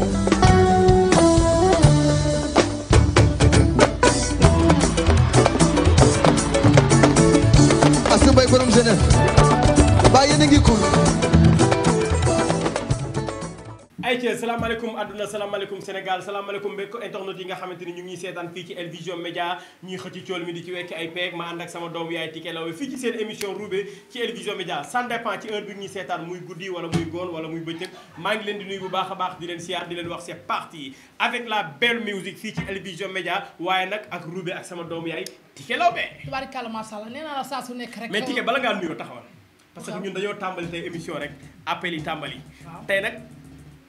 Thank you. salaamaaleykum àdduna salaamaaleykum Sénégal salaamaaleykum mbéy ko internet yi nga xamanteni ñu ngi sétane fi ci El Vision Média ñuy xëcc cool mi di ci wekk ay pek ma ànd ak sama doom yaay Tike law fi ci seen émission Roubé ci El Vision Média ça dépend ci heure bi ñi sétane muy goudi wala muy gone wala muy bëccëg ma ngi leen di nuyu bu baaxa baax di leen siyaar di leen wax c'est parti avec la belle musique fii ci El Vision media waaye nag ak Roubé ak sama doom yaay Tike Lawe. tubaarikàlla macha allah nee la sa su nek rek. mais Tike bala nga nuyoo taxawal parce que ñun dañoo tambali tay émission rek appel yi tàmbali tey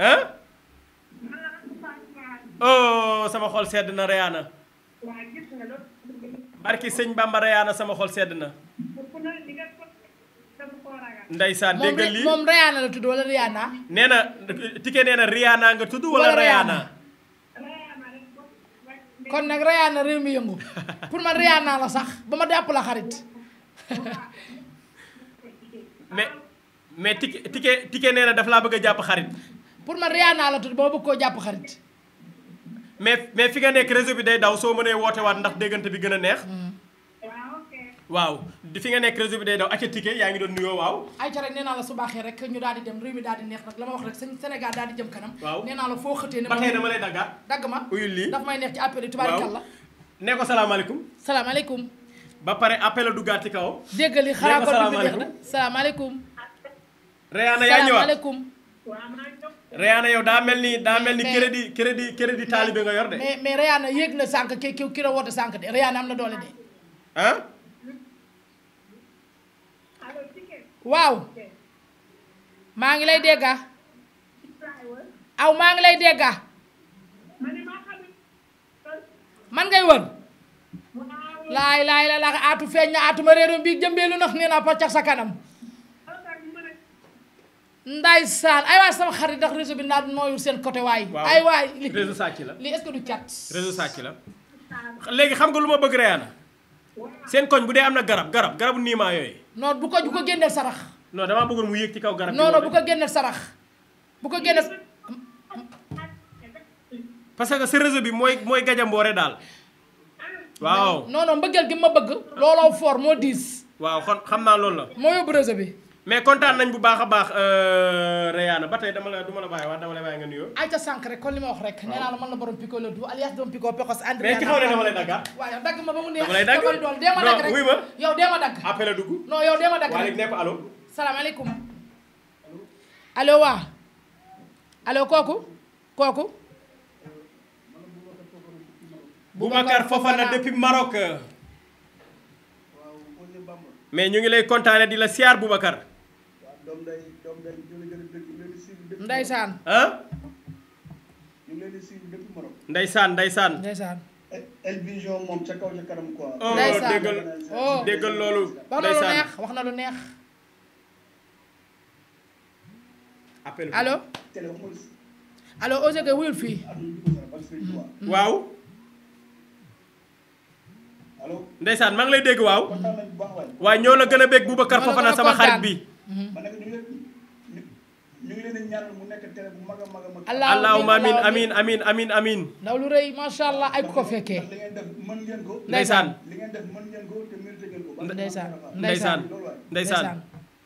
ah oh sama xol sedd na reyaana barki sëñ Bamba reyaana sama xol sedd na ndeysaan dégg nga lii moom reyaana la tudd wala reyaana nee na tike reyaana nga tudd wala reyaana kon nag reyaana réew mi yëngu pour man reyaana la sax ba ma jàpp la xarit mais mais tike tike tike nee na daf laa bëgg a jàpp xarit pour man Rihanna la tudd ba ma bëgg koo jàpp xarit. mais mais fi nga nekk réseau bi day daw soo mënee woote waat ndax déggante bi gën a neex. waaw fi nga nekk réseau bi day daw acca ticket yaa ngi doon nuyoo waaw. ayca rek nee la su baaxee rek ñu daal di dem réew mi daal di neex nag la ma wax rek sëñ Sénégal daal di jëm kanam. waaw nee naa la foo xëtee. ne ma lay daggaat. dagg ma uyul lii daf may neex ci appel yi tubaarikàlla. nee ko salaamaaleykum. salaamaaleykum. ba pare appel a duggaat kaw. dégg nga li xalaat kon bi mu neex na Rayane yow daa mel ni daa mel ni crédit crédit crédit taalibe nga yor de. mais mais Rayane na sànq ki ki ki la woote de Rayane am na doole de. ah. waaw. maa ngi lay dégg aw maa ngi lay dégg man ngay wër. laay laay la la aatu feeñ na aatu ma réerum bi jëmbeelu nax nee naa pàccax sa kanam. Ndeysaan ay waay sama xarit ndax réseau bi naa nooyu seen côté waay. ay waay li réseau sàcc la li est-ce que du cat. la léegi xam nga lu ma bëgg reyaana seen koñ bu dee am na garab garab garabu niimaa yooyu. non bu ko bu ko génneel sarax. non damaa bëggoon mu yéeg ci kaw garab. non non bu ko génneel sarax bu ko génneel. parce que sa réseau bi mooy mooy gajamboore daal waaw. non non mbëggeel gi ma bëgg. looloo for moo diis. waaw kon xam naa loolu la. moo yóbbu réseau bi. mais kontaan nañ bu baakha baax euh ba batay dama la duma la baye wa dama la baye nga nuyo ay ta sank rek kon lima wax rek. nee la man la borom piko la du alias dom piko pecos. andi mais ci xaw ne dama lay dagg ah. yow dagga ma ba mu neex. dama lay dagg doon dee ma dagg rek yow dema ma dagg. appel a dugg. non yow dema ma wa rek nepp allo salam alaykum allo wa allo koku koku Boubacar Fofana depuis Maroc. mais ñu ngi lay kontaane di la siar Boubacar. doom ndeysaan ah ñu ngi leen moom ca kaw ca kanam quoi oh, ndeysaan déggal oh, déggal loolu wax na lu neex wax na lu neex appel allo allo Ouzin Gueye wuyul fii mm-hmm. waaw allo ndeysaan maa ngi lay dégg waaw waaye ñoo la gën a bég Boubacar Fofana sama xarit bi Mm-hmm. ma nekk ñu leen a ñaan mu nekk télé bu mag a amin amin amin amin ndaw lu rëy macha allah ay ko fekkee. li ngeen def mën ngeen ko. ndeysaan li ngeen def mën ngeen ko ko. ndeysaan ndeysaan ndeysaan.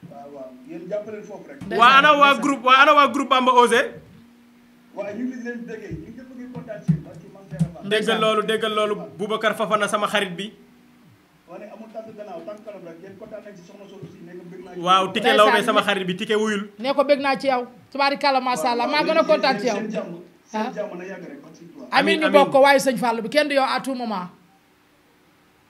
waaw waaw yéen jàppale rek. waa ana waa groupe waa ana waa groupe Bamba Osé. waa loolu déggal loolu Boubacar Fafana sama xarit bi. wane amul tànk gannaaw waaw tike lawbe sama xarit bi tike wuyul. ne ko bëgg naa ci yow. tubaari kàlla macha allah maa gën a kontaan ci yow. am amiin ñu bokk ko waaye sëñ Fall bi kenn di yow à tout moment.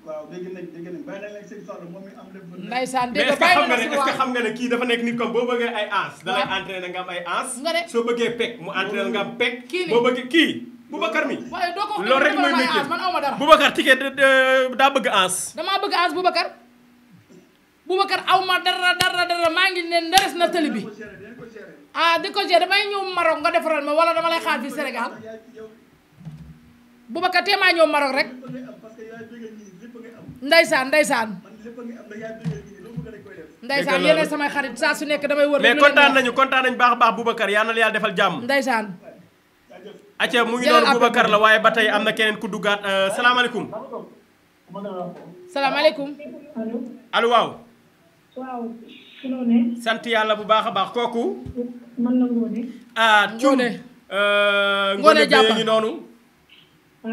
waaw dégg nañ dégg nañ bàyyi nañ sëñ Fall moom mi am lépp. ndaysaan dégg nga xam nga ne kii dafa nekk nit comme boo bëggee ay ans. da lay entraîné nga am ay ans. nga ne soo bëggee pek mu entraîné nga am pek. kii boo bëggee kii. Boubacar mi waaye doo ko wax dëgg yàlla man tike daa bëgg ans. damaa bëgg ans Boubacar Boubacar aw ma dara dara dara maa ngi ne nderes na tëli bi ah di ko gérer damay ñëw Maroc nga defaral ma wala dama lay xaar fii Sénégal Boubacar maa ñëw Maroc rek ndaysaan ndaysaan ndaysaan yéen samay xarit saa su nekk damay wër mais kontaan nañu kontaan nañu baax a baax Boubacar yaa na la yàlla defal jàmm ndaysaan acca mu ngi noonu Boubacar la waaye ba tey am na keneen ku duggaat euh, salaamaaleykum salaamaaleykum allo waaw waaw sant yàlla bu baax a baax kooku. man la Ngone. ah Thium Ngone. Ngone maa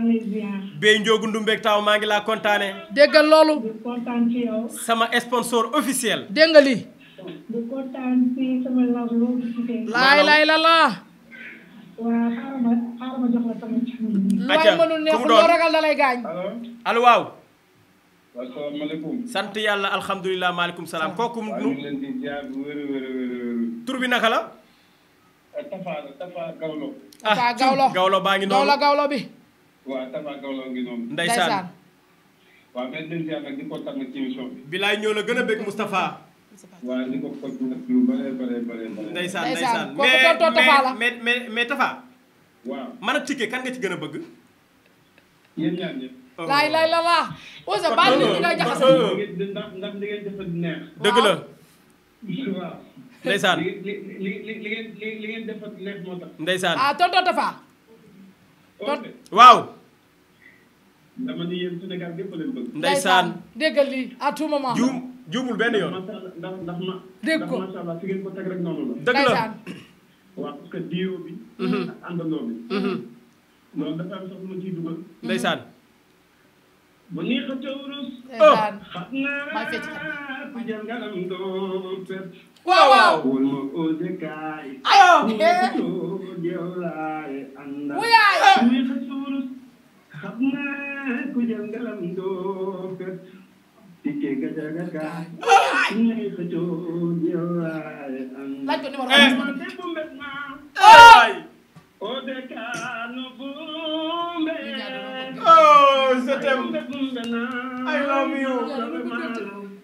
ngi Bey Ndiogu Ndumbeeg Taw maa ngi laa kontaane. déggal loolu. kontaan sama sponsor officiel. dégg nga laay laay la laa. waaw xaaral mënul neexul loo ragal da lay gaañ. allo waaw. asalaamaaleykum. sant yàlla alhamdulilah maaleykum salaam. kooku nu waaw leen di ziar bi naka la. Ah, Tafa ah, Gawlo. Gawlo baa ngi noonu Gawlo Gawlo bi. waaw bilaay ñoo la gën a bëgg Moustapha. waaw di ko kontaan nag mais mais mais man ak Tické kan nga ci gën a bëgg. Oh. laay laay oh. la laa. Ouza li ngeen la. waaw. ndeysaan li li li li ngeen li ngeen def ak neex moo tax. ndeysaan ah waaw. dama ni yéen Sénégal gépp leen bëgg. ndeysaan déggal juum juumul benn yoon. ndax ndax ma. dégg ko mu neex a tawrus. xam naa ku jël ngalam doo fet. waaw waaw. wóor ma ose kaay. ayoo mu neex a toog mu neex a tawrus. xam naa ku jël ngalam doo fet. dikkee gajaga kaay. wuyaay. mu neex a toog yow laay àndal. laaj ko I love you.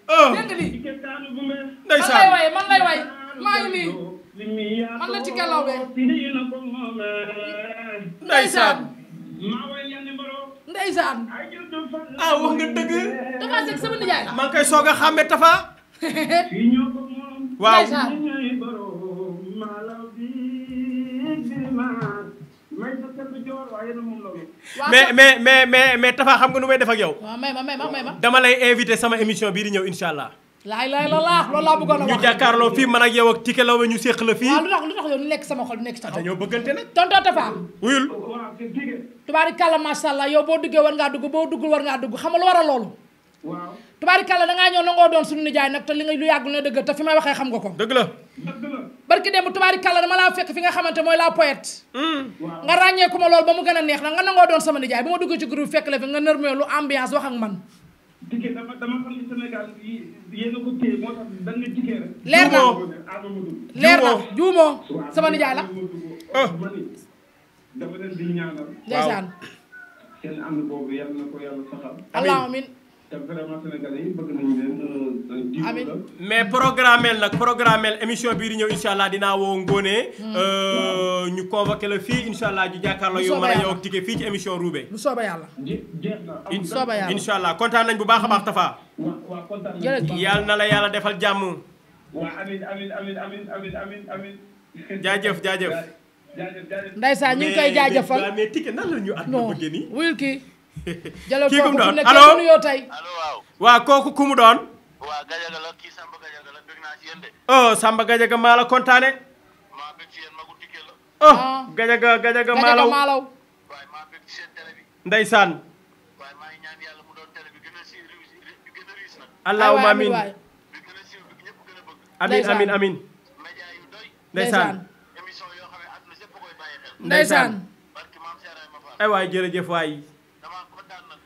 ah. ndeysaan waaye man lay waay maa ngi nii ci gàllaw be. ndeysaan. ndeysaan. ah wax nga dëgg. Tafa Seck sama nijaay maa ngi koy soog a xàmme Tafa. waaw. mais mais mais mais mais Tafa xam nga nu may def ak yow. may ma may ma may ma. dama lay invité sama émission bii di ñëw incha allah. laay laay la laa loolu laa bëggoon a wax. ñu jàkkaarloo fii man ak yow ak Tike Laobé ñu séq la fii. waaw lu tax lu tax yow ñu nekk sama xol nekk sa ah, xol. dañoo bëggante nag. tonton Tafa. wuyul. tubaarikàlla macha allah yow boo duggee war ngaa dugg boo duggul war ngaa dugg xam nga lu war a loolu tubarikala da nga ñoo nangoo doon sunu nijaay nak te li nga lu yàggul na deug te fi may waxe xam nga ko deug la barki dem tubarikala dama laa fekk fi nga xamante moy la poète hmm. nga ragne kuma lool ba mu gëna neex nak nga nangoo doon sama nijaay bu ma dugg ci groupe fekk la fi nga nermé lu ambiance wax ak man dikkee dama dama xam ne Sénégal yi yéne ko té mo tax dañ nga dikkee rek lér na lér na djumo sama nijaay la ah. dama leen di ñaanal ndeysaan sen ànd bobu yalla nako yalla saxal alamin Euh, mais programmeel nag programmeel émission bii ñëw incha dinaa woo Ngoné. Hmm. Euh, ñu convoqué la fii incha allah ñu jàkkaarloo yow mën a yow ak Tické fii ci émission Roubé. lu soobee yàlla. bu soobee yàlla ah, incha kontaan nañ bu baax a baax Tafa. yàlla na la yàlla defal jàmm. waa jaajëf jaajëf. jaajëf jaajëf ñu ngi koy jaajëfal mais mais Tické nan la ñu at. non wuyul jalo kii ku doon allo waaw kooku ku doon. waaw Gajaga la kii Samba Gajaga la bëgg naa ci yéen de. oh Samba Gajaga maa la kontaane. jërëjëf waay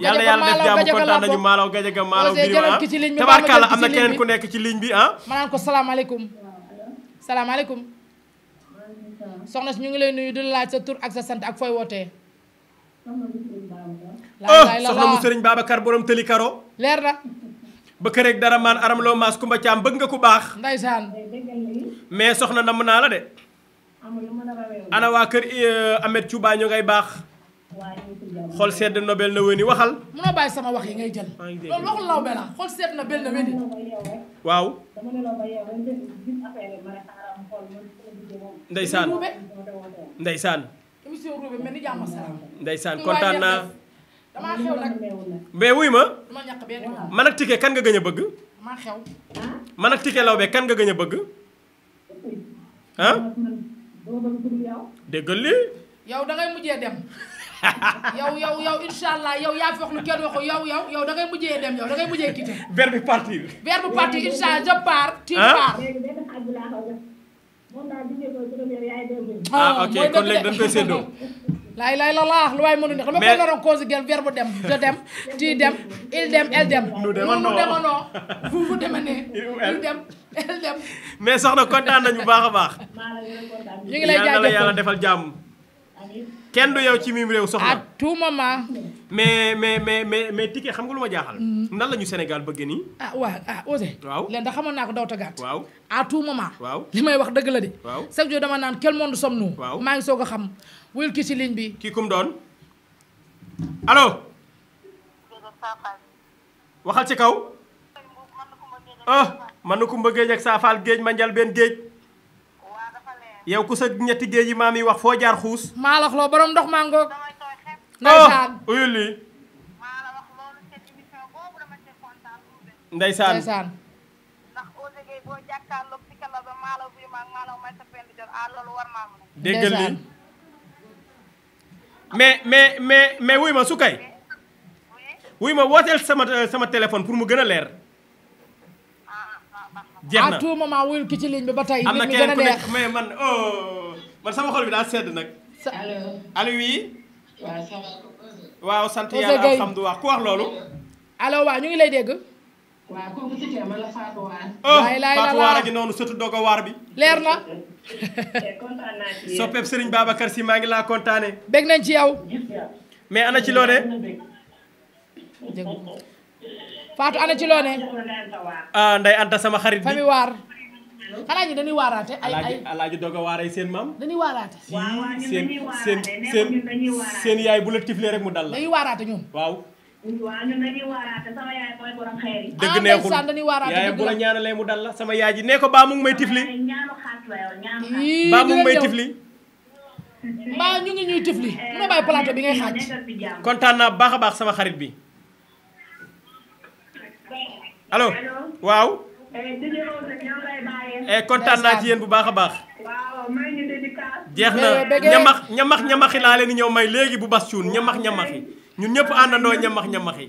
yàlla yàlla def jàmm kontaan nañu maalaw gajaga maalaw birima ah. tabarkàlla am na keneen ku nekk ci ligne bi ah ma naan soxna si ñu ngi lay nuyu di tur ak sa sant ak fooy wootee oh, soxna mu sëriñ Babacar borom tëli karo leer na ba kër rek dara maan maas kumba caam bëgg nga ku baax ndeysaan mais soxna namm naa la de ana waa kër eh, Amet Cuba ñu ngay baax xol sedd na bel na wéni waxal. munoo bàyyi sama wax yi ngay jël. maa ngi dégg loolu waxul law be la xol sedd na bel na wéni. waaw. ndeysaan ndeysaan. émission ruube mel ni jàmm ndeysaan kontaan naa. damaa xew nag. mais ma. dama man ak Tické kan nga gën a bëgg. damaa xew. man ak Tické Lawbe kan nga gën a bëgg. ah. déggal lii. yow da mujjee dem. yow yow yow incha allah yow yaa fi wax lu kenn waxu yow yow yow da ngay mujjee dem yow da ngay mujjee quitté. verbe partir. verbe partir incha allah je pars. tu ah, ah, ok kon léegi da koy séddoo. laay laay la laa lu waay mënu ne xam nga ko naroon cause gel verbe dem je dem tu dem il dem elle dem nu demanoo vous vous demanee il dem elle dem mais soxna kontaan nañu bu baax a baax ñu ngi lay jaajëfal defal jàmm kenn du yow ci mim réew soxna à tout moment. mais mais mais mais mais Tické xam nga lu ma jaaxal. Mm. nan la ñu Sénégal bëgg nii. ah waaw ah Ousseyn. waaw leen da xamoon naa ko daw tagaat. waaw à tout moment. waaw li may wax dëgg la de. waaw chaque jour dama naan quel monde sommes-nous. waaw maa ngi soog a xam. wuyul ki ci ligne bi. kii kum doon allo. waxal ci kaw. ah man na kumba géej ak saafaal ah, géej ma njal benn géej. yow ku sa ñetti géej yi maam yi wax foo jaar xuus. maa la wax loo borom ndox maa ngoog. ndeysaan oh uyul lii. ndeysaan ndeysaan. déggal lii mais mais mais mais wuy ma su kay. wuy ma wooteel sama sama téléphone pour mu gën a leer. jeex na à tout ki ci ligne bi ba tey. am na kenn mais man oh man sama xol bi daa sedd nag. allo allo waaw sant yàlla alhamdulilah ku wax loolu. allo waaw ñu ngi lay dégg. waaw kooku ci kër ma ngi noonu surtout Dogo Waar bi. leer na. Eh, kontaan sëriñ ci yéen maa ngi laa kontaane. bég nañ ci yow. mais ana ci loo Fatou ana ci loone ah Anta sama xarit bi fami yi xanaa ñi dañuy waaraate ay ay alaaji doog a waaray seen maam dañuy waaraate seen seen seen yaay bu la tiflee rek mu dal la dañuy waaraate ñun waaw waaw ñun dañuy waaraate dëgg ah, neexul dañuy bu la ñaanalee mu dal la sama yaay ji nee ko baa mu ngi may tifli baa mu ngi may tifli mbaa ñu ngi ñuy tifli eh, bi ngay xaaj kontaan naa baax a baax sama xarit bi allo waaw. Eh, eh, kontaan naa ci yéen bu baax a baax. jeex na eh, ñamax ñamax ñamax yi laa leen ñëw may léegi bu bas cuun ñamax ñamax yi ñun ñëpp àndandoo ñamax ñamax yi.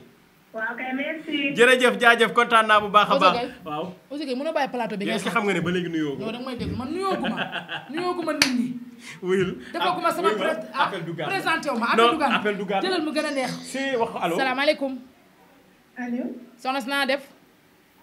waaw kay merci. jërëjëf jaajëf kontaan naa bu baax a baax. waaw Ouzin Gueye mën a bàyyi plateau bi. est-ce xam nga ne ba léegi nuyoo ko. yow da nga man nuyoo ko ma nuyoo ko ma nit ñi. wuyul dafa ko ma ah, sama ah, présenté wu ma du gaan jëlal mu gën a neex. si wax allo salaamaaleykum. allo soxna naa def.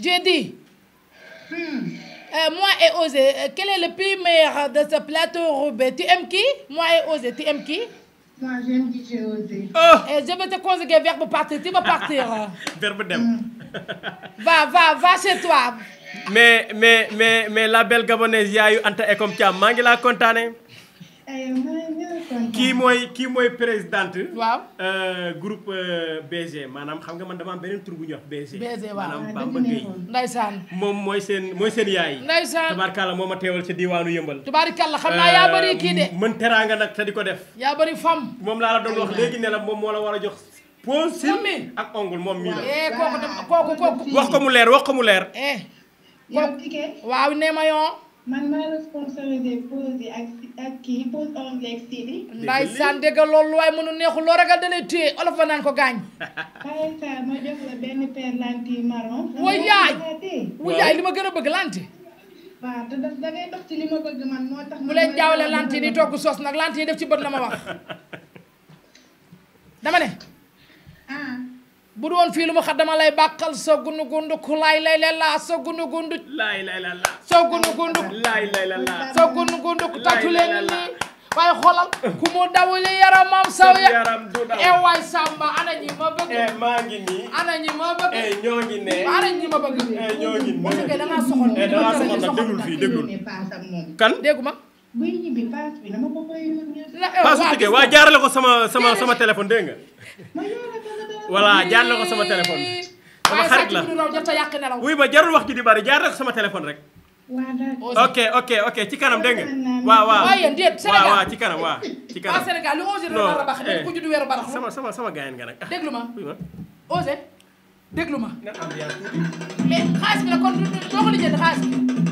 J'ai dit, hmm. euh, moi et Osé, euh, quel est le plus meilleur de ce plateau roubaix Tu aimes qui Moi et Osé, tu aimes qui Moi, j'aime DJ Osé. Oh. Et eh, je vais te conseiller verbe partir, tu vas partir. Hein. verbe d'aime hmm. Va, va, va chez toi. mais mais mais mais la belle gabonaise eu Anta comme tu la mangé la kontaane. Eh, kii mm. mooy kii mooy présidente. waaw euh, groupe euh, BG maanaam xam nga man dama am beneen tur bu ñuy wax BG. BG waaw maanaam ah, Bamba Gueye. Ndaysaan moom mooy seen mooy seen yaay. Ndaysaan tubaarkàlla moo ma teewal ci diwaanu yëmbal. tubaarkàlla xam naa yaa bëri kii de. Euh, mën teraanga nag te di ko def. yaa bëri femme. moom laa la doon wax léegi ne la moom moo la war a jox. pose ak ongul moom mii eh, kooku kooku wax ko mu leer wax ko mu leer. Eh. waaw nee man maa responsabilisé pause yi ak kii pause ongle ak Sidi. ndeysaan dégg loolu waaye mënu neexul loo ragal da lay téye olof ba naan ko gaañ. waaye saa ma yaay wa yaay li ma gën a bëgg lant waaw te daf da ngay moo tax. bu leen jaawle lant yi togg soos nag lentille yi def ci bët la ma wax dama ne. bu doon fii lu mu xaddama lay bàqal sa gunu gundu ku laay lay la laa sa gunu gundu laay lay la laa sa gunu gundu laay lay la laa sa gunu gundu ku tàccu leen nii waaye xoolal ku mu dawuli yaramam saw ya e waay samba ana ñi ma bëgg eh, maa ngi nii ana ñi ma bëgg eh, ñoo ngi ne ana ñi ma bëgg ñoo ngi ne parce que da ngaa soxal da ngaa soxal nag déglul fii déglul kan déggu ma buy ñibbi paas bi dama ko koy yónnee paasu ticket waa jaarale ko sama sama sama téléphone dégg nga voilà jaar na ko sama téléphone. sama xarit la wuy ma jarul wax ji di sama téléphone rek. ok ok ci kanam dégg nga. waaw waaw waaw yéen ci kanam waaw. ci kanam waaw Sénégal lu Ousseyn doon war a baax eh, ku sama sama sama gaayen nga ma Ousseyn déglu ma. mais xaalis bi nag kon doo ko lijjanti bi.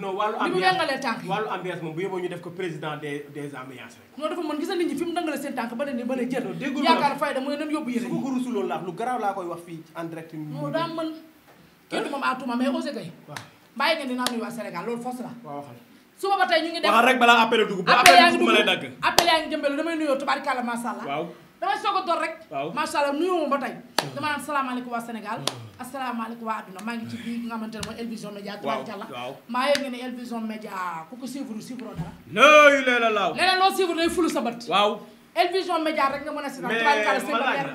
non wàllu ambiance li mu yàngalee tànk yi moom bu yeboo ñu def ko président des des ambiances rek non dafa mën gis na ñi fi mu seen tànk ba ne ni ba ne yaakaar fayda mooy nan yóbbu yëre su ko ko rusuloon laa lu garaaw laa koy wax fii en direct moo daa mën kenn moom àtuma mais Ouzin Gueye waaw bàyyi ngeen dinaa nuyu waa Sénégal loolu force la suba ba tey ñu ngi def waxal rek balaa appel dugub appel yaa appel yaa ngi jëmbelu damay nuyoo tubaarkalla masha Allah damay soog a door rek. waaw macha allah nuyoo ma ba tey. dama naan salaamaaleykum waa Sénégal. Hmm. asalaamaaleykum waa adduna maa ngi ci biir nga xamante ne mooy El Vision Média. waaw waaw maa yëg nga ne El Vision Média ku ko suivre suivre dara. nooy leela laaw. leneen loo suivre day fulu sa bët. waaw El Vision Média rek nga mën a. si naan tubaab yi la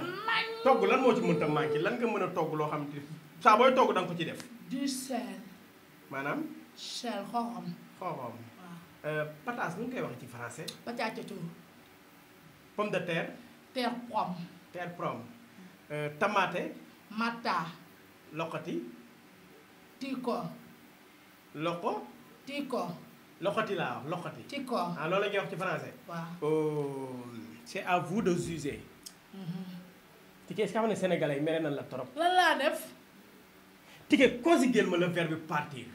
togg lan moo ci mënta manqué lan nga mën a togg loo xam te saa booy ko ci def. du sel. maanaam. sel xorom. xorom. waaw euh, pataas nu ñu koy wax ci français. pataas pomme de terre. terre prom terre prom euh, Tamate. Mata. tiko loko tiko lokoti tiko Alors ah, français oh, c'est à vous de juger mhm. ce sénégalais la le verbe partir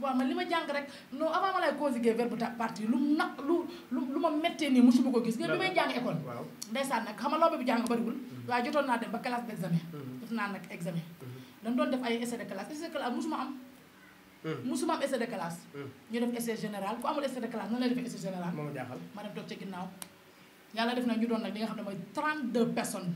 waaw man li ma jàng rek non avant ma lay conjuguer verbe partir lu mu nag lu lu ma méttee nii musuma ko gis. nga bi may jàng école. waaw ndeysaan nag xam nga loo jàng bariwul. Mhm. waaye jotoon naa dem ba classe d' examen. Mhm. def naa nag examen. Mhm. dañu doon def ay essai de classe essai de classe musuma am. musuma de classe. ñu def essai général ku amul essai de lay def essai ma jaaxal ma dem toog yàlla def na ñu doon nag li nga xam ne mooy 32 personnes.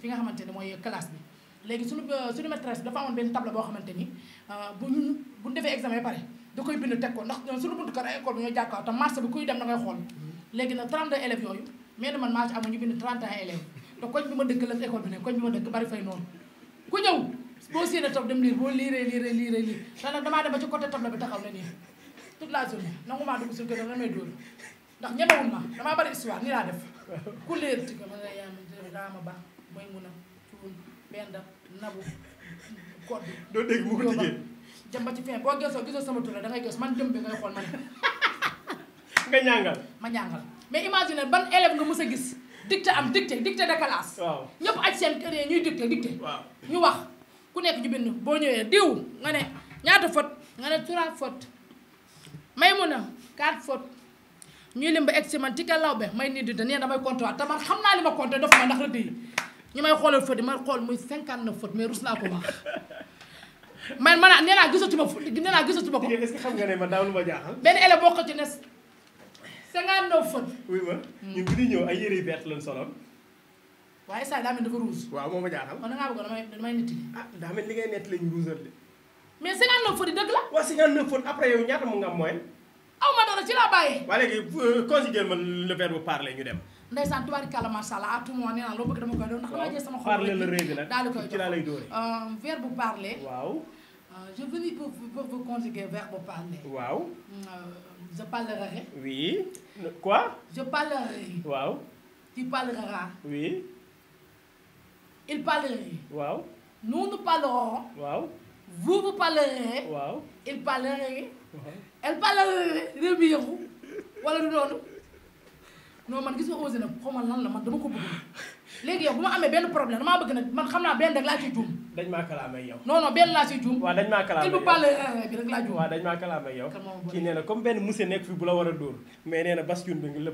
fi nga xamante ne mooy classe bi. léegi suñu euh, suñu maîtresse dafa amoon benn table boo xamante ni euh, bu ñu bu ñu defee examen pare da koy bind teg ko ndax suñu buntu kër ay école bi ñoo jàkkaarloo te marché bi kuy dem da ngay xool mm-hmm. léegi nag 32 élèves yooyu mais man maa ci amoon ñu bind 31 élèves te bi ma dëkk la école bi ne koñ bi ma dëkk bari fay noonu ku ñëw boo séenee toog dem liir boo liiree lii liiree liir te nag damaa dem ba ci côté table bi taxaw na nii toute la journée nangu maa dugg suñu kër damay dóor ndax ñemewul ma damaa bari histoire ni laa def ku liir ci ko ma yaa ma baax mooy mun Benda da Codé. doo dégg mu ko tijjee jamba ci fin boo geesoo gisoo sama tur da ngay man jëm bi ngay xool man. nga ñàngal. ma ñàngal mais imagine ban élève nga mës a gis dictée am dictée dictée de classe. waaw ñëpp aj seen kër yi ñuy dictée dictée. waaw ñu wax ku nekk ñu bind boo ñëwee diw nga ne ñaata faute nga ne trois fautes may mun a quatre fautes. ñuy lim ba egg si man ci ka lawbe may nii di da nee damay compté waat xam naa li ma compté dafa ma ndax rëdd yi ñi may xoolal fa di ma xool muy 59 faute mais rus naa ko wax man man nee naa gisatuma fu nee naa gisatuma ko. est-ce que xam nga ne ma daaw ma jaaxal. benn élève boo ci nes 59 faute. oui ma hmm. ñun bi di ñëw ay yére yu lañ solo. waaye saa daa mel dafa rouge. waaw moo ma jaaxal. kon da bëgg damay damay nitti. ah daa mel li ngay nett lañ rouge de. mais 59 faute yi dëgg la. waaw 59 faute après yow ñaata mu nga am aw ma dara ci laa bàyyee. waa léegi euh, conjuguer man le verbe parler ñu dem. ndeysaan tubaarikàlla macha allah à tout moment nee naa loo bëgg dama koy doon ndax dama jël sama xol parler le rëy bi nag daal di koy ci laa lay euh, verbe parler waaw euh, je venais pour pour vous conjuguer verbe parler waaw euh, je parlerai oui quoi je parlerai waaw tu parleras oui il parlerait waaw nous nous parlerons waaw vous vous parlerez waaw il parlerait elle parlerait de biiru wala du noonu non man gis nga osé nag xaw ma lan la man dama ko bëgg léegi yow bu ma amee benn problème damaa bëgg nag man xam naa benn rek laa ciy juum. dañ maa kalaamee yow. non benn laa ciy juum. waaw dañ maa kalaamee yow eh, eh, kii nee na comme benn monsieur nekk fi bu la war a dóor mais nee na bascule bi nga la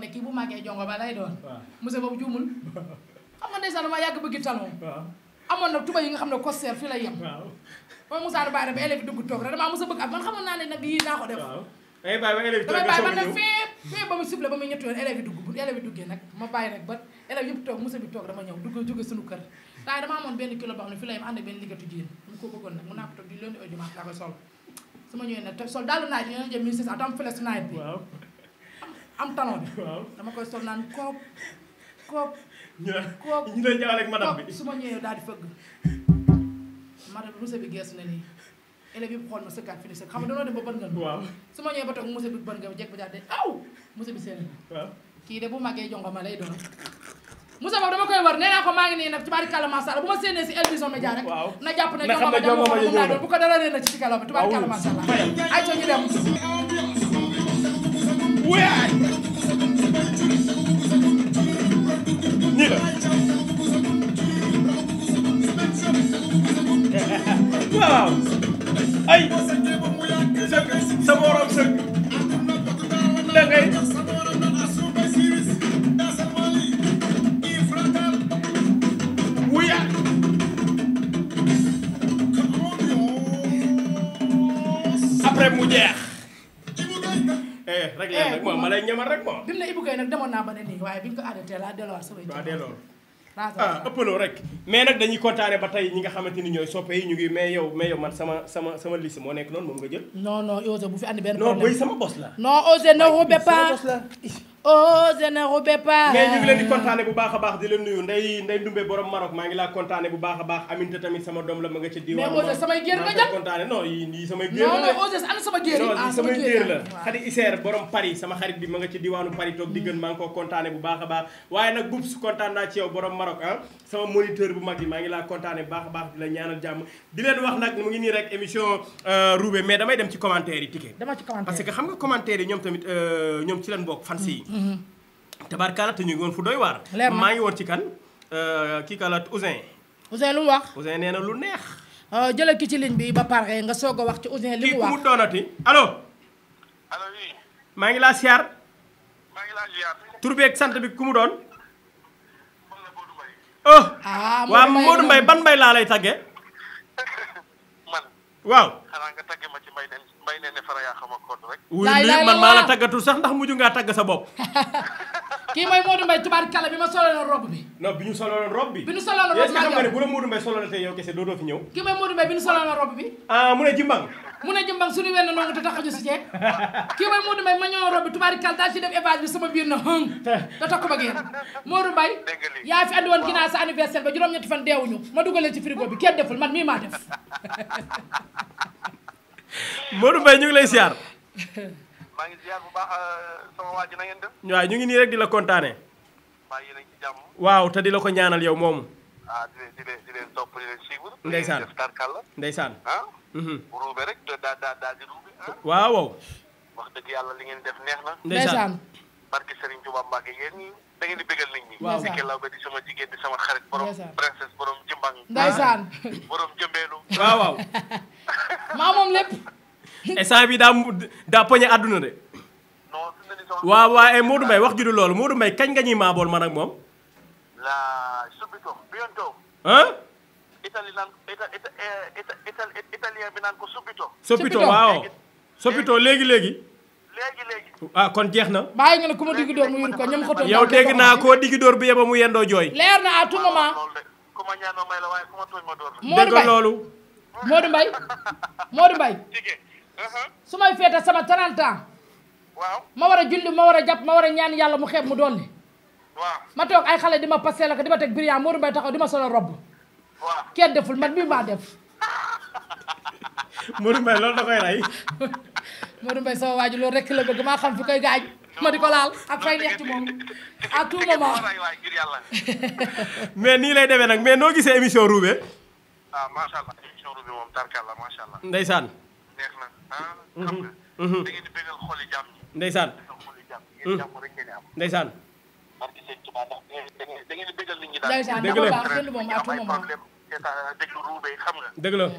ne kii bu màggee jongo ba lay doon. waaw monsieur boobu juumul xam nga ndeysaan dama yàgg bëgg talon amoon na tuba yi nga xam ne coster fii lay yem moom Moussa Baare ba élève dugg toog rek damaa mos a bëgg ak man xamoon naa ne nag yii naa ko def. waaw damay bàyyi ba élève damay bàyyi man nag fépp fépp ba mu suble ba muy ñetti yoon élève yi dugg bu élève yi duggee nag ma bàyyi nag ba élève yëpp toog Moussa bi toog dama ñëw dugg jóge suñu kër taay ko bëggoon nag mu naa ko toog di lundi au dimanche laa su ma ñëwee nag naaj ñoo jëm am fële su nawet bi am talon bi dama koy sol naan koop koop koop su ma ñëwee daal di fëgg xam ne musée bi geesu na nii élèves yëpp xool ma sëkkaat fini sëkk sa nga dañoo dem ba bën nga. waaw su ma ñëwee ba toog musée bi bën nga jekk ba jaar de aw musée bi seen waaw kii de bu màggee jongo lay doon Moussa boobu dama koy war nee ko maa ngi nii nag ci barikàlla masha Allah bu ma séenee si El Vision Médias rek na jàpp ne jongo ma jongo ma laa doon bu ko dara ree na ci ci kàlla bi tubaarkàlla masha Allah waaw ay sëgg sa morom sëgg après mu jeex eh, rek leen eh, rek moom ma lay ñamal rek moom dina Ibou Gueye nag demoon naa ba ne nii waaye ko arrêté laa delloo sama waaw delloo ah ëppaloo rek mais nag dañuy kontaane ba tey ñi nga xamante ni ñooy yi ñu ngi mais yow mais yow man sama sama sama moo nekk noonu moom nga jël non non Ose bu fi andi benn problème non boy sama bos la non Ose ne roube pas oh généraux Beppa. mais ñu ngi leen di kontaane bu baax a baax di leen nuyu nday nday Ndumbe borom Maroc maa ngi laa kontaane bu baax a baax Aminta tamit sama doom la ma nga ca diwaan. mais Ousseyn samay géer nga sama xarit bi nga ca diwaanu Paris toog di gën maa ngi koo kontaane bu baax a baax waaye nag bubs kontaan naa ah. bu mag bi maa ngi laa kontaane baax a baax di leen wax nag mu nii rek émission euh, Roube mais damay dem ci commentaire yi ticket parce que xam nga commentaire yi ñoom tamit euh, ñoom ci lañ bokk fans yi tabarkaala mm-hmm. te ñu ngi woon fu doy waar. Eh, kikalat ngi woon ci kan kii kalaat Ousin. Ousin lu mu wax. Ousin nee lu neex. Eh, jëlal ki ci ligne bi ba lasiar, nga soog wax ci oh. ah Modou Mbaye ban mbay laa lay may ne ne fara maa la tàggatul sax ndax mujj ngaa tàgg sa bopp. kii mooy Modou Mbaye tubaar kala bi ma soloon robe bi. mu ne Jimbang. mu ne Jimbang suñu wenn noonu te taxaju si ceeb kii mooy Modou Mbaye ma ñëwoon robe bi tubaar kala daal ci def évage bi sama biir na hëng da takk ba génn Modou Mbaye yaa fi andi woon ginnaaw sa anniversaire ba juróom-ñetti fan deewuñu ma dugalee ci frigo bi kenn deful man mii maa def Modou Mbaye ñu ngi lay ziar. maa ngi ziar bu baax euh, sama waa ji na ngeen def. waaw ñu ngi nii rek di la kontaanee. maa a ngi ci waaw te di la ko ñaanal yow moomu. ah di leen di leen di leen topp di leen suivre. waaw waaw. wax dëgg yàlla li ngeen def neex na. ndeysaan barke da ngeen di bégal nit ñi. waaw Ndike di sama jigéen di sama xarit borom. princesse borom jëmbang. ndeysaan borom jëmbeelu. waaw waaw. maa moom lépp. ça bi daa daa poñe àdduna de. non suñu la Modou Mbaye wax ju du loolu Modou Mbaye kañ nga ñuy maabool man ak moom. la subito bientôt. ah. itali naan bi naan ko subito. subito waaw. subito léegi léegi. léegi léegi. ah kon jeex na. bàyyi nga ne ko ma digg door mu yun ko ñam xotoon. yow dégg naa koo digg door bu yeba mu yendoo jooy. leer na à tout moment. dégg loolu. Modou Mbaye Modou uh-huh. su may feete sama 30 ans. ma war a julli ma war a jàpp war a yàlla mu xeeb mu dolli. waaw ma toog di ma passé la di ma teg brillant Modou di ma solo robb. waaw kenn deful def. Modou Mbaye loolu da koy rey. Modou Mbaye sama waaju loolu rek la bëgg maa xam fi koy gaañ ma di ko laal ak fay neex ci moom à tout moment. mais nii lay demee nag mais noo gisee émission Roubé. ah macha allah émission Roubé moom tarkalla macha allah. ndeysaan. neex na ah. xam nga. da ngeen di bëggal xooli jàmm ñi. ndeysaan. ndeysaan. dëgg la dëgg la. dëgg la.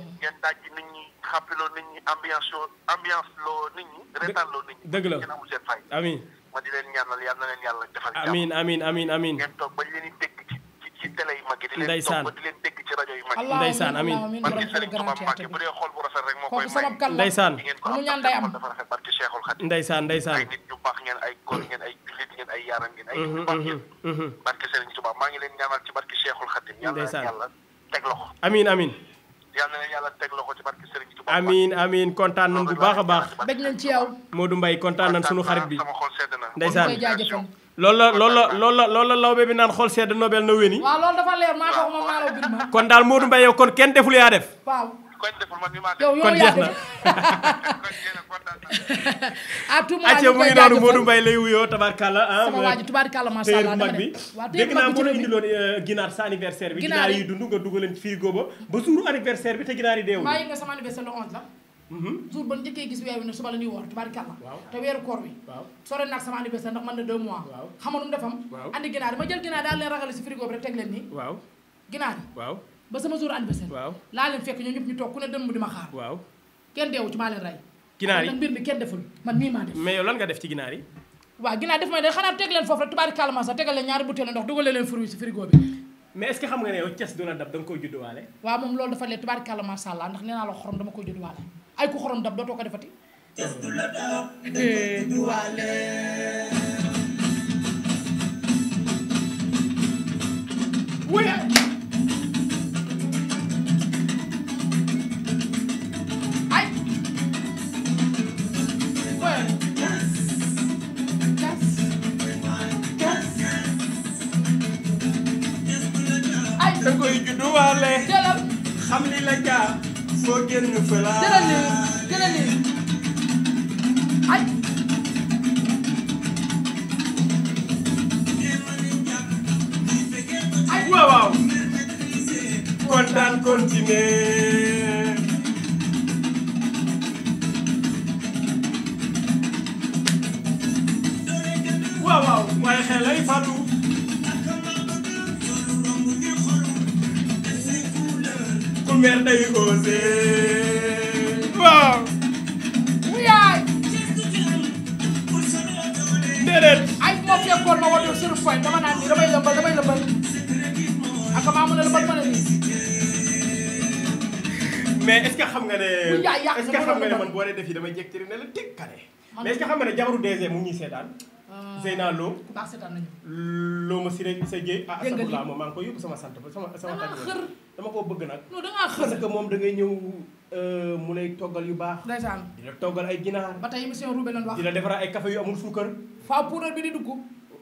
xàppiloo nit ñi ambiance ambiance loo nit ñi. reetaan loo nit ñi. dëgg la ngeen amul seen fay. amiin ma di leen ñaanal yàlla na leen yàlla defal. amiin amiin amiin amiin ngeen toog ba ñu leen di dégg ci ci télé yu mag yi. ndeysaan di leen toog ba di leen dégg ci rajo yu mag yi. ndeysaan amiin barki Serigne Touba Mbacké bu dee xol bu rafet rek moo koy may. ndeysaan di ngeen ko am ndax xol dafa rafet barki Cheikhul Khadim. ndeysaan ndeysaan ay nit ñu baax ngeen ay góor ngeen ay jullit ngeen ay yaaram ngeen ay nit ñu mm-hmm, baax ngeen mm-hmm, mm-hmm. barki Serigne Touba maa ngi leen ñaanal ci barki Cheikhul Khadim yàlla yàlla teg loxo amiin amiin yàlla na yàlla teg loxo ci barke Serigne Touba. amiin amiin kontaan nañ bu baax a baax. bëgg nañ ci yow. Modou Mbaye kontaan nañ sunu xarit bi ndeysaan loolu la loolu la loolu la loolu la lawbe bi naan xool sedd nobel na wéni. waaw loolu dafa leer maa ko moom kon daal Modou Mbaye yow kon kenn deful yaa def. koñ deful man mi maa def. yow yow yaa def ah tout le mu ngi noonu Modou Mbaye lay wuyoo tabarkalla ah. sama waa ji tabarkalla macha allah dama ne waaw dégg naa mu indiloon euh, ginaar sa anniversaire bi. ginaar yi dund nga dugaleen frigo ba ba suuru anniversaire bi te ginaar yi deewul. bàyyi nga sama anniversaire le 11 la. Mhm. jour la ñuy woor tubaarkàlla te weeru koor wi sore nag sama anniversaire ndax mën na deux mois xamanum defam andi ginaar ma jël ginaar daal leen ragal si frigo bi rek teg leen nii waaw ginaar yi waaw ba sama jour anniversaire. waaw laa leen fekk ñoom ñëpp ñu toog ku ne dëmm di ma xaar. waaw kenn deewu ci maa leen rey. ginaar yi kon nag mbir mi kenn deful man mii maa def. mais yow lan nga def ci ginaar yi. waaw ginaar def ma ne xanaa teg leen foofu rek tubaari kàllaama sax tegal leen ñaari butéelu ndox dugal leen fruit si bi. mais est ce xam nga ne yow ces du la dab da nga koy judduwaale. waaw moom loolu dafa lee tubaari kàllaama macha allah ndax nee naa la xorom dama koy judduwaale ay ku moo génn fëla jëlal li jëlal li ay ay koy dama naan nii damay lëmbal damay lëmbal a a nii. mais est-ce que xam nga ne. est-ce xam ne man boo dee def yi damay jékki ne la mu ñuy seetaan. Euh, Zeyna Lo. loo ma si rek sa jëy. ah astaghfirullah ma maa ngi koy yóbbu sama sant sama sama. dama xër dama koo bëgg nag. non dama xër que moom da ngay ñëw. Euh, mu lay toggal yu baax. ndeysaan di la toggal ay ginaar. ba tey émission Roubé doon wax. di la defaral ay café yu amul suukar. faaw puudar bi di dugg.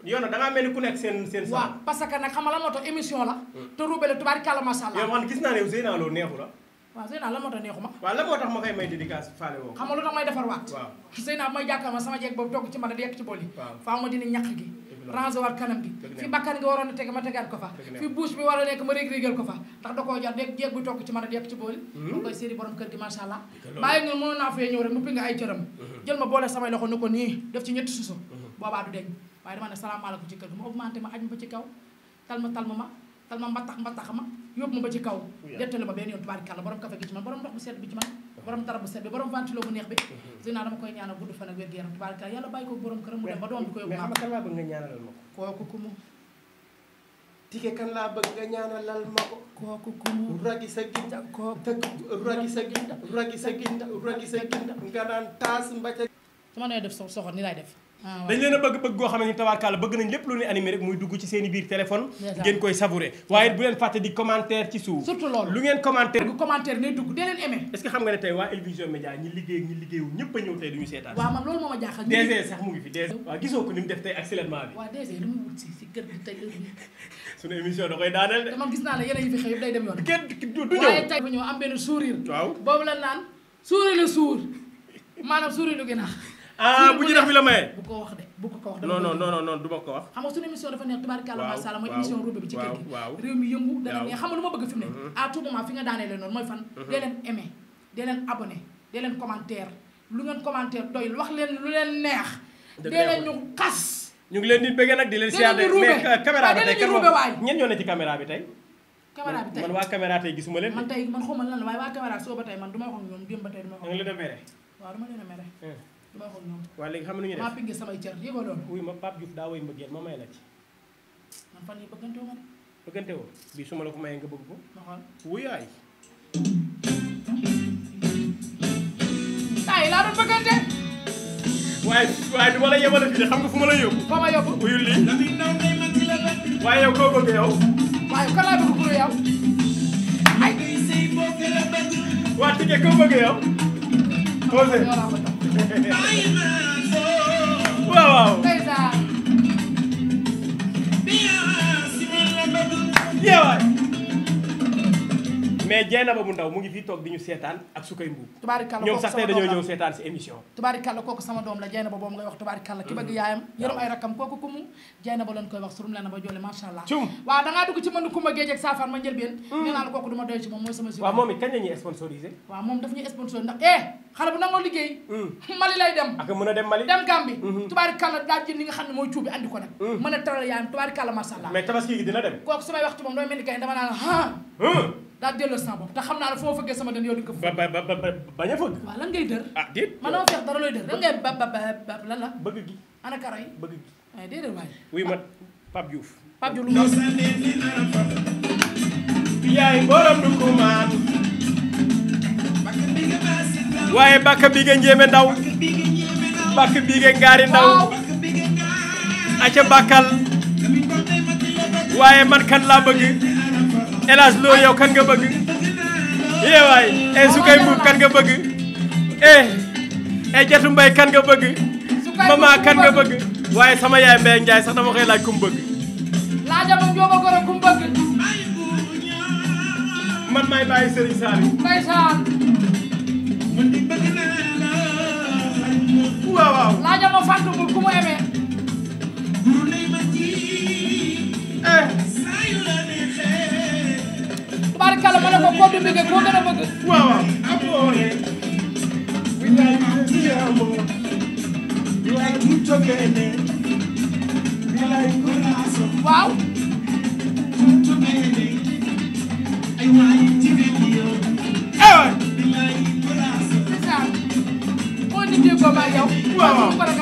yow nag da ngaa mel ni ku nekk seen seen. sànq waaw parce que nag xam hmm. ma. la moo tax ma koy may dédicace faale woo. xam boobu ma dina ñàq gi. ranger kanam bi fi bakkan nga waroon a teg ma tegaat ko fa fi bouche bi war nekk ma rég-régal ko fa ndax da koo jar dég jéeg bu tokk ci mën a yekk ci booli ma hmm? koy séri borom kër gi macha allah bàyyi nga mënoon naa fee ñëw rek mu pi nga ay cëram hmm. jël ma boole samay loxo ni ko nii def ci ñetti suusu boobaa waaye dama ne salaamaaleykum ci kër gi ma augmenté ma aj ma ma tal ma ma tal ma mbatax mbatax ma yóbbu kaw dettali ma benn yoon tubaarikàlla borom café gi ci man borom ndox bu sedd bi ci koy ñaanal gudd fan ak wér ko borom këram mu dem ba doom bi koy mais xam nga kan laa ma ko kooku ku mu tike kan laa bëgg nga ñaanalal ma ko kooku ku mu sa ginda ko ragi sa ginda ragi sa ginda ragi sa ginda nga naan taas mbaca su ma nee def soxor ni laay def Ah, dañ leen a bëgg bëgg goo xam ne tabaarkàlla bëgg nañ lépp lu leen animé rek muy dugg ci seen i biir téléphone ngeen koy savouré waaye bu leen fàtte di commentaire ci suuf surtout loolu lu ngeen commentaire commentaire ngay dugg dee leen aimé ma naa la yeneen yi lu gën a ah bu jinax bi la maye bu ko wax de bu ko ko wax non non non non du ma ko wax xam nga suñu émission dafa neex tubaarkàlla mooy émission gi réew mi yëngu dana neex xam nga lu ma bëgg fi mu ne mm-hmm. leen noonu mooy fan mm-hmm. dee leen aimé dee leen abonné dee leen commentaire lu ngeen commentaire doy wax leen lu leen neex ñoo ne ci caméra bi tey caméra bi tey man waa caméra tey gisuma leen man tey man xawma lan la waaye waa caméra soo tey man du ma wax ak ñoom ba tey du ma wax waaw du ma leen a mere maa ko noonu waaw léegi xam nga nu ñuy def maa pinge samay ma Pape Diouf daa woy mbëggeel ma may la ci man fan yi bëggante woo bëggante woo bii su ma la ko mayee nga bëgg ko ma xool wuyaay taa yi laa doon bëggante ma la yebale fii de xam nga fu ma la yóbbu fa ma yóbbu wuyu lii waaye yow koo bëgg yow waaye kan laa bëgg pour yow ay waa tike koo bëgg yow posé waaw waaw. ndeysaan. mais Dieynaba bu ndaw mu ngi fii toog di ñu seetaan ak Soukay Mbuub tubaarikàlla ñoom sax tey dañoo ñëw seetaan c'i émission tubaarikàlla kooku sama doom la Dieynaba boobu ngay wax tubaarikàlla ki bëgg yaayam yërëm ay rakkam kooku ku mu ba lañ koy wax surum la ba jolle macha allah waaw dangaa dugg ci mënu kumba géej ak saafaan ma njëlbeen mm. nee naa la kooku du ma doy ci moom mooy sama waaw moom it kañ la ñuy sponsorisé waaw moom daf ñuy sponsorisé ndax eh xale bu na nangoo liggéey mm. Mali lay dem ak mën a dem Mali dem Gambi mm-hmm. tubaarikàlla daal jël ni nga xam ne mooy cuubi andi ko nag mm. mën a taral yaayam tubaarikàlla macha allah mais tabaski gi dina dem kooku samay wax ci moom dooy mel ni kay dama naan daa delloo sama bopp te xam naa sama dën yow di ko ba ba ba bañ a fëgg lan ngay ah déet man dama feex dara looy dër ngay ba ba ba lan la bëgg gi ana kara yi gi waaye eh, déedéet waay Diouf Diouf lu borom du ko bi ndaw bi ndaw man kan El Hadj Lo yow kan nga bëgg yee waay e eh, Soukay kan nga bëgg e e Jatu kan nga bëgg mama kan nga bëgg waaye sama yaay Mbay Njaay sax dama koy laaj ku mu bëgg laajama Njóoba Gora ku mu bëgg man may bàyyi Sëriñ Saali Mbay Saal man di bëgg naa la waaw kala ma a ko koo dundee koo gën a bëgg. waaw waaw. aywa. c'est ça. boo dundee ko ba a waaw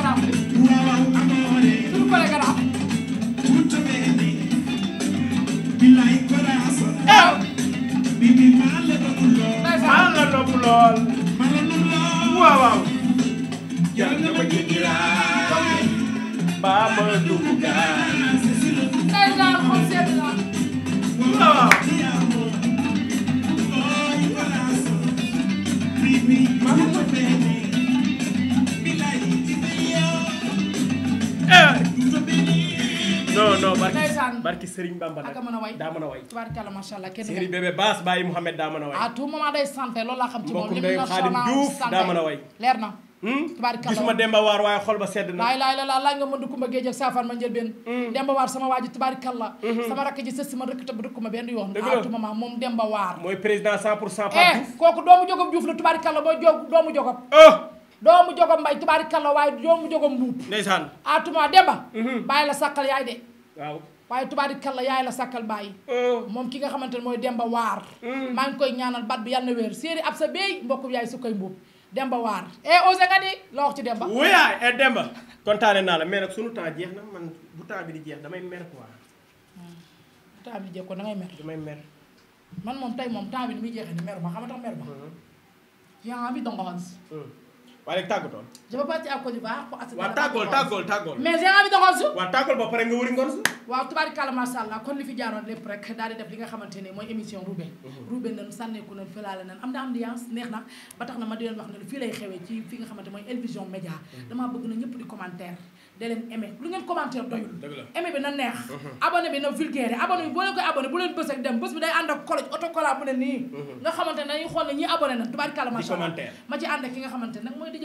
Serigne Bamba nag mën a way daa mën a way tubaarkàlla macha allah kenn Serigne bébé Bass Baye Mouhamed daa mën a way à day santé loolu laa xam ci moom mbokk Xaadim Diouf a hmm? ba sedd na laay laay la hmm. Demba Waar sama waa ji tubaarkàlla hmm. sama rakk ji sës si ma rëkk te benn yoon à tout moment moom Demba Waar mooy président cent pour cent par eh, kooku doomu jogob Diouf la tubaarkàlla mooy doomu jogob oh! doomu jogob mbay tubaarkàlla waaye doomu jogob mbuub ndeysaan à tout moment Demba bàyyi waaw waaye tubaarikalla yaay la sakal bàyyi oh. moom ki nga xamante ne Demba Waar mm. maa ngi koy ñaanal bat bi yàlla na wéer séeri ab sa yaay su koy mbuub Demba Waar e eh, osé nga ni loo wax ci Demba wuyaay ah, e eh, Demba kontaane naa la mais nag sunu temps jeex na man bu temps bi di jeex damay mer quoi hmm. temps bi da ngay mer damay mer man temps bi ni ni mer mer yaa waaye nag tàggatoo. je veux partir à Côte tàggool tàggool tàggool. mais j'ai envie de ngor su. waaw tàggool ba pare nga wëri ngor su. waaw tubaarikàlla macha kon li fi jaaroon lépp rek daal di def li nga xamante ne mooy émission Roubé. Mhm. Roubé nañu sànneeku nañu fëlaale nañu am na ambiance neex na ba tax na ma di leen wax ne fii lay xewee ci fi nga xamante mooy El Vision Média mhm. damaa bëgg na ñëpp di commentaire da leen aimé lu ngeen commentaire doyul aimé bi na neex mhm. abonné bi na vulgaire abonné bi boo leen koy abonné bu leen bës dem bës bi day ànd ak collège autocollant bu ne nii mhm. nga xamante ne dañuy xool ne ñi abonné na tubaarkàlla macha allah ma ci ànd ak ki nga xamante nag mooy mhm.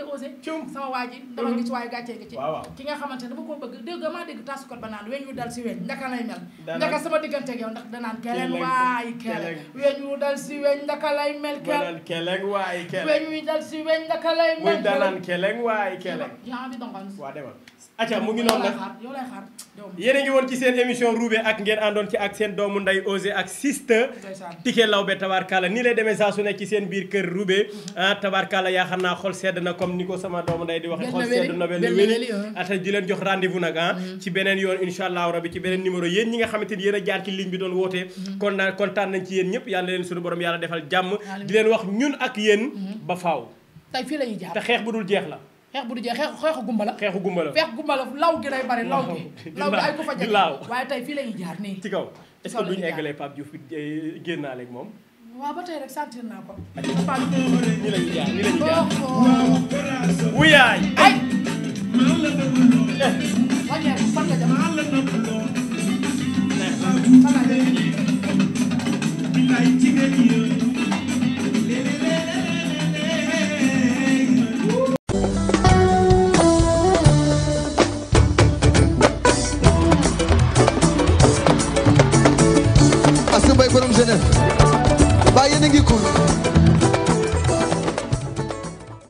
ne ba ko bëgg dégg maa dégg tasukat ba dal si weñ ndaka lay mel ndaka sama digganteeg yow ndax danaan keleen waay keleen weñ wu dal si weñ ndaka lay mel keleen waay keleen weñ wu dal si weñ ndaka lay mel keleen danaan keleen waay keleen yaa ngi dongoon acca mu ngi noonu nag ngi woon ci seen émission Roube ak ngeen àndoon ci ak seen doomu nday Osé ak siste Tické Laobé tabarkalla nii lay demee saa su nekk ci seen biir kër Roube mm-hmm. ah tabarkalla yaa xam naa xol sedd na comme ni ko sama doomu nday di waxee xol sedd na benn wéli uh-huh. ata di leen jox rendez-vous nag ah mm-hmm. ci beneen yoon insha allahu rabbi ci beneen numéro yéen ñi nga xamante ni yéen a jaar ci ligne bi doon wootee mm-hmm. kon na kontaan nañ ci yéen ñëpp yàlla leen suñu borom yàlla defal jàmm di ba faaw fii la ñuy te xeex bu dul jeex la xeex bu du jeex xeexu xeexu gumba la xeexu gumba la xeexu gumba la law gi day bari law gi law gi ay ko fa jël laaw waaye tey fii lañuy jaar nii ci kaw est-ce que duñu eggalee Pape Diouf eh, génnaale ak moom waaw ba tey rek sentir naa ko ni lañu jaar ni lañu jaar wuyaay ay wañeeku fan nga jëm fan nga jëm